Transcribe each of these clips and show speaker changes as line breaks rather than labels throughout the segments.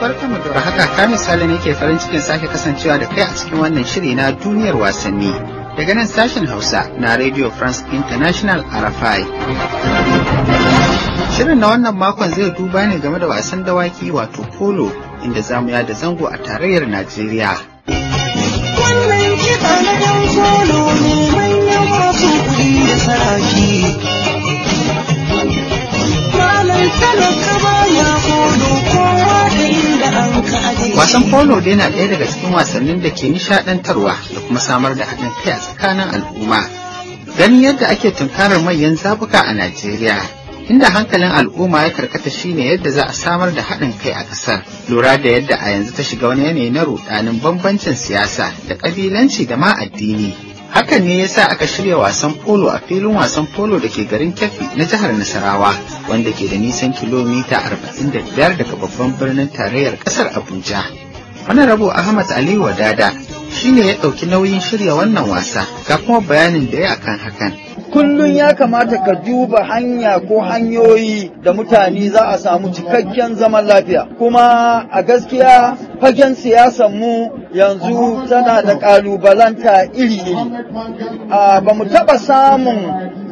barkanmu da haka kamin sale ne ke farin cikin sake kasancewa da kai a cikin wannan shiri na duniyar wasanni daga nan sashen hausa na radio france international rfi shirin na wannan makon zai duba ne game da wasan dawaki wato polo inda zamu yada zango a tarayyar najeriya wannan
kiɗa na
Wasan polo dai na ɗaya daga cikin wasannin da ke nishaɗantarwa da kuma samar da haɗin kai a tsakanin al'umma. Ganin yadda ake tunkarar manyan zabuka a Najeriya, inda hankalin al'umma ya karkata shine yadda za a samar da haɗin kai a ƙasar. Lura da yadda a yanzu ta shiga wani yanayi na ruɗanin bambancin siyasa da ƙabilanci da ma addini. Hakan ne yasa aka shirya wasan polo a filin wasan polo da ke garin kefi na jihar Nasarawa, wanda ke da nisan kilomita arba'in da biyar daga babban birnin tarayyar ƙasar Abuja. Wani rabo Ahmad Dada Wadada ne ya ɗauki nauyin shirya wannan wasa ga kuma bayanin da ya akan hakan.
Kullum ya kamata ka duba hanya ko hanyoyi da mutane za a samu cikakken zaman lafiya. Kuma a gaskiya fagen siyasan mu yanzu tana da ƙalubalanta iri-iri. Ba mu taɓa samun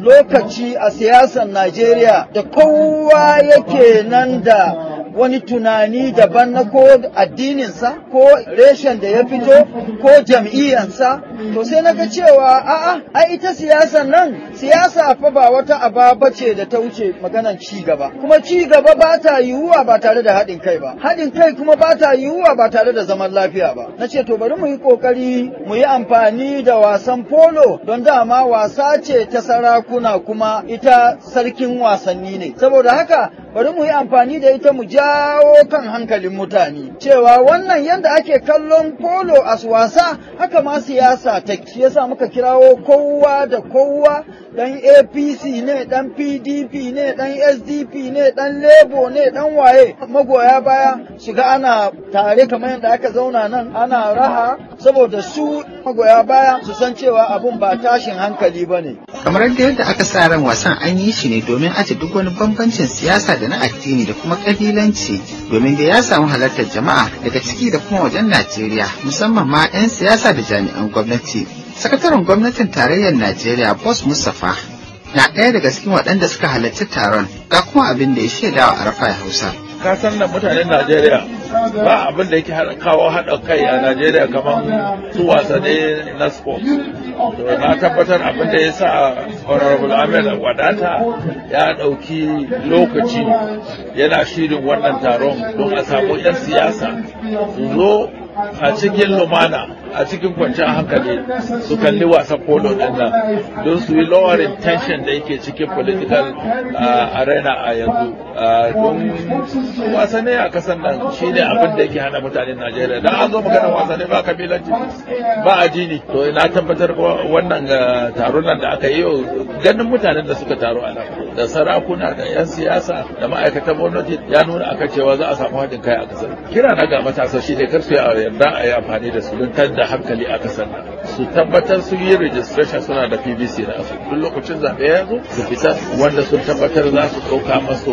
lokaci a siyasan Najeriya da kowa yake nan da wani tunani daban na ko addininsa ko reshen da ya fito ko jam'iyyansa to sai na ga cewa a'a ai ita siyasar nan siyasa fa ba wata aba ce da ta wuce maganan ci gaba kuma ci gaba ba ta yiwuwa ba tare da haɗin kai ba haɗin kai kuma ba ta yiwuwa ba tare da zaman lafiya ba na ce to bari mu yi ƙoƙari mu yi amfani da wasan polo don dama wasa ce ta sarakuna kuma ita sarkin wasanni ne saboda haka bari mu yi amfani da ita mu jawo kan hankalin mutane cewa wannan yadda ake kallon polo a wasa haka ma siyasa ta yasa muka kirawo kowa da kowa ɗan apc ne ɗan pdp ne ɗan sdp ne ɗan labour ne dan waye magoya baya shiga ana tare kamar yadda aka zauna nan ana raha saboda su magoya baya su san cewa abun ba tashin hankali ba ne kamar da yadda
aka sa ran wasan an yi shi ne domin ajiye duk wani bambancin siyasa da na addini da kuma kabilanci domin da ya samu halartar jama'a daga ciki da kuma wajen najeriya musamman ma 'yan siyasa da jami'an gwamnati sakataren gwamnatin tarayyar najeriya boss mustapha na ɗaya daga cikin waɗanda suka halarci taron ga kuma abin da ya shaidawa ya hausa
ka san na mutanen Najeriya ba abin da yake kawo haɗa kai a Najeriya kamar su wasanni na sport.
na tabbatar abin da ya sa
Honorable Ahmed Wadata ya ɗauki lokaci yana shirin wannan taron don a samu 'yan siyasa
su zo a
cikin lumana a cikin kwanciyar hankali su kalli wasan polo din nan don su yi lower tension da yake cikin political uh, arena a yanzu uh, don wasanni a kasan nan shi ne abin da yake hana mutanen najeriya Da an zo magana wasanni ba kabilanci ba addini to na tabbatar wannan uh, taron nan da aka yi yau ganin mutanen da suka taro a nan da sarakuna da 'yan siyasa da ma'aikatan gwamnati ya nuna akan cewa za a samu haɗin kai a kasar kira na ga matasa shi ne kar su yarda a yi amfani da su don da hankali a kasar su tabbatar sun yi registration suna da pbc na su duk lokacin zaɓe ya zo su fita wanda sun tabbatar za su ɗauka masu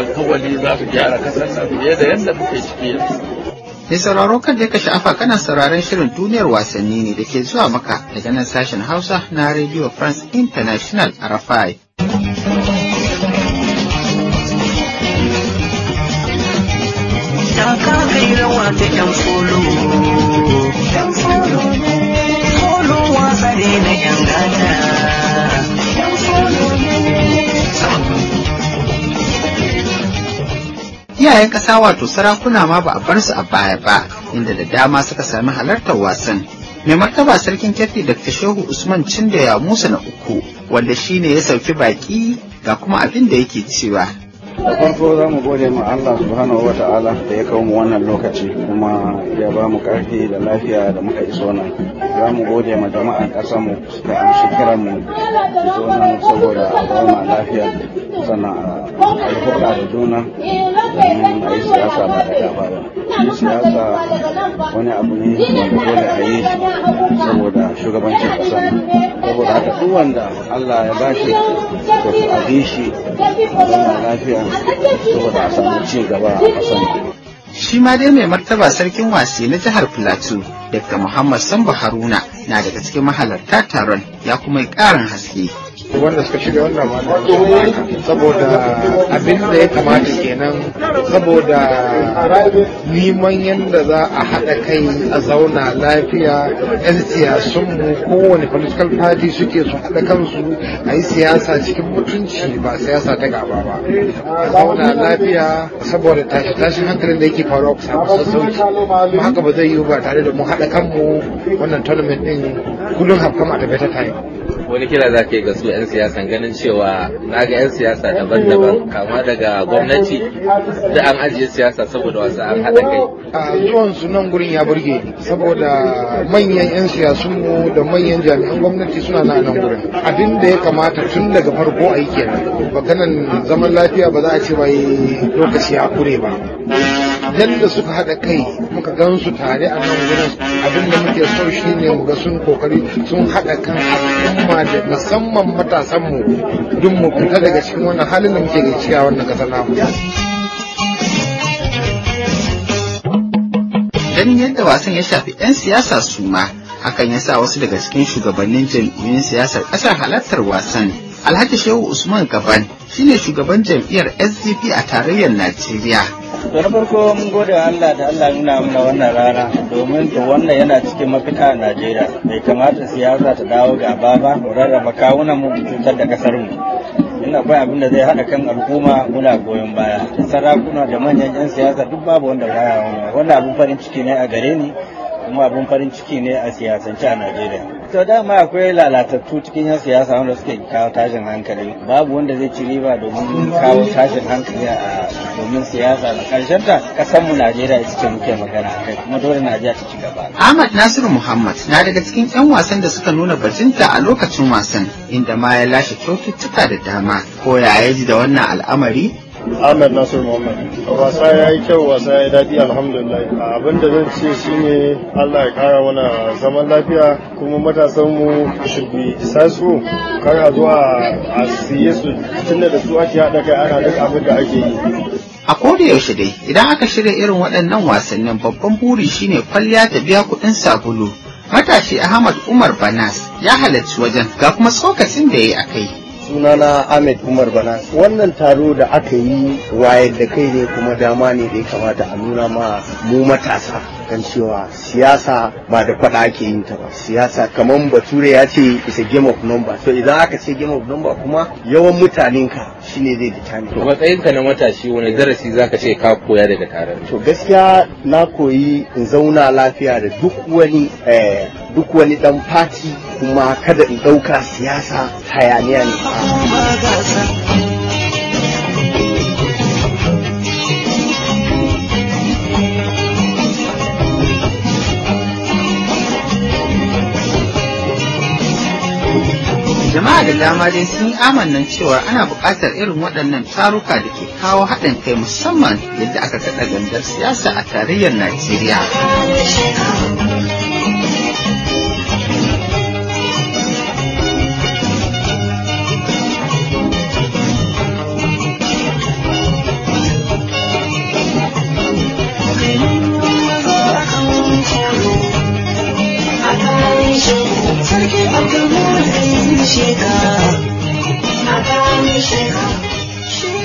alkawali za su gyara kasar nan fiye da yadda muke ciki yanzu
Mai sauraro kan da ka sha'afa kana sauraron shirin duniyar wasanni ne da ke zuwa maka daga nan sashen Hausa na Radio France International a Rafai. iyayen ƙasa wato sarakuna ma ba a bar su a baya ba inda da dama suka sami halartar wasan mai martaba sarkin kirki da shehu usman da ya musa na uku wanda shi ne ya sauki baki ga kuma abin da yake cewa
da farko za mu gode ma Allah subhanahu wa ta'ala da ya kawo mu wannan lokaci kuma ya ba mu karfi da lafiya da muka iso nan za mu gode ma jama'an ƙasar mu da amshi kiran mu zo nan saboda ba mu lafiya sannan a da juna domin a yi siyasa ba da ba shi siyasa wani abu ne wanda dole a yi
saboda shugabancin ƙasa saboda haka duk
wanda Allah ya bashi to su abi shi don lafiya saboda a samu ci gaba a
ƙasar shi ma dai mai martaba sarkin wasi na jihar Filato, Dr. Muhammad Sambo Haruna na daga cikin mahalarta taron ya kuma ƙarin haske. wanda suka shirya wannan malam saboda abin da ya kamata kenan saboda neman yadda za a haɗa kai a zauna lafiya 'yan mu kowane political party suke su haɗa kansu a yi siyasa cikin mutunci ba siyasa ta gaba ba a zauna lafiya saboda tashi tashin hankalin da yake faruwa ku samu sassauci kuma haka ba zai yiwu ba tare da mu haɗa kanmu wannan tournament din kullum hafkama a tafiye ta tayi wani kira za ka yi ga 'yan siyasan ganin cewa na ga 'yan siyasa daban-daban kama daga gwamnati da an ajiye siyasa saboda wasu an haɗa kai. a zuwan su gurin ya burge saboda manyan 'yan siyasunmu da manyan jami'an gwamnati suna na nan gurin abin da ya kamata tun daga farko aiki ba kenan zaman lafiya ba za a ce ba lokaci ya kure ba. yadda suka haɗa kai muka gan su tare a nan wurin abin muke so shi ne mu ga sun kokari sun haɗa kan al'umma da musamman matasanmu duk mu fita daga cikin wannan halin da muke a wannan ƙasar namu. Dan yadda wasan ya shafi 'yan siyasa su ma hakan ya sa wasu daga cikin shugabannin jam'iyyun siyasar ƙasar halartar wasan alhaji shehu usman gaban shine shugaban jam'iyyar sdp a tarayyar najeriya
to na farko mun gode wa Allah da Allah nuna mana wannan rana domin to wannan yana cikin mafita a Najeriya bai kamata siyasa ta dawo ga baba mu rarraba kawunan mu cutar da kasar mu in akwai abin da zai haɗa kan al'umma muna goyon baya sarakuna da manyan 'yan siyasa duk babu wanda baya wannan abin farin ciki ne a gare ni kuma abin farin ciki ne a siyasance a Najeriya to dama akwai lalatattu cikin yan siyasa wanda suke kawo tashin hankali babu wanda zai ci riba domin kawo tashin hankali a domin siyasa na karshen ta kasar mu Najeriya ita ce muke magana kai kuma dole Najeriya ta ci gaba
Ahmad Nasiru Muhammad na daga cikin yan wasan da suka nuna bajinta a lokacin wasan inda ma ya lashe kyaututtuka da dama ko ya da wannan al'amari Ahmed Nasir Muhammad. Wasa ya yi kyau, wasa ya yi daɗi alhamdulillah. Abin da zan ce shi ne Allah ya kara mana zaman lafiya kuma matasan mu su bi sasu Kar a zo a siye su tunda da su ake haɗa kai ana duk abin da ake yi. A koda yaushe dai idan aka shirya irin waɗannan wasannin babban buri shine kwalliya ta biya kuɗin sabulu. Matashi Ahmad Umar Banas ya halarci wajen ga kuma tsokacin da ya yi a kai. sunana ahmed umar bana wannan taro da aka yi wayar da kai ne kuma dama ne da ya kamata a nuna ma mu matasa kan cewa siyasa ba da faɗa ake yin ta ba siyasa kamar bature ya ce isa game of number to idan aka ce game of number kuma yawan mutanen ka shine zai ditani to matsayin ka na matashi wani darasi zaka ce ka koya daga taron to gaskiya na koyi in zauna lafiya da duk wani eh duk wani dan fati kuma kada in ɗauka siyasa hayaniya ne. jama'a da dama dai sun amannan cewa ana buƙatar irin waɗannan taruka da ke kawo haɗin kai musamman yadda aka kaɗa gandar siyasa a tarayyar najeriya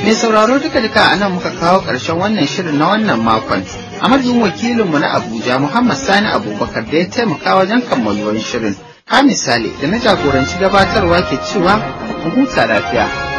Mai sauraro duka duka ana muka kawo ƙarshen wannan shirin na wannan makon. A madadin wakilinmu na Abuja Muhammad Sani Abubakar da ya taimaka wajen kammaluwar shirin. Ka misali da na jagoranci gabatarwa ke cewa huta lafiya.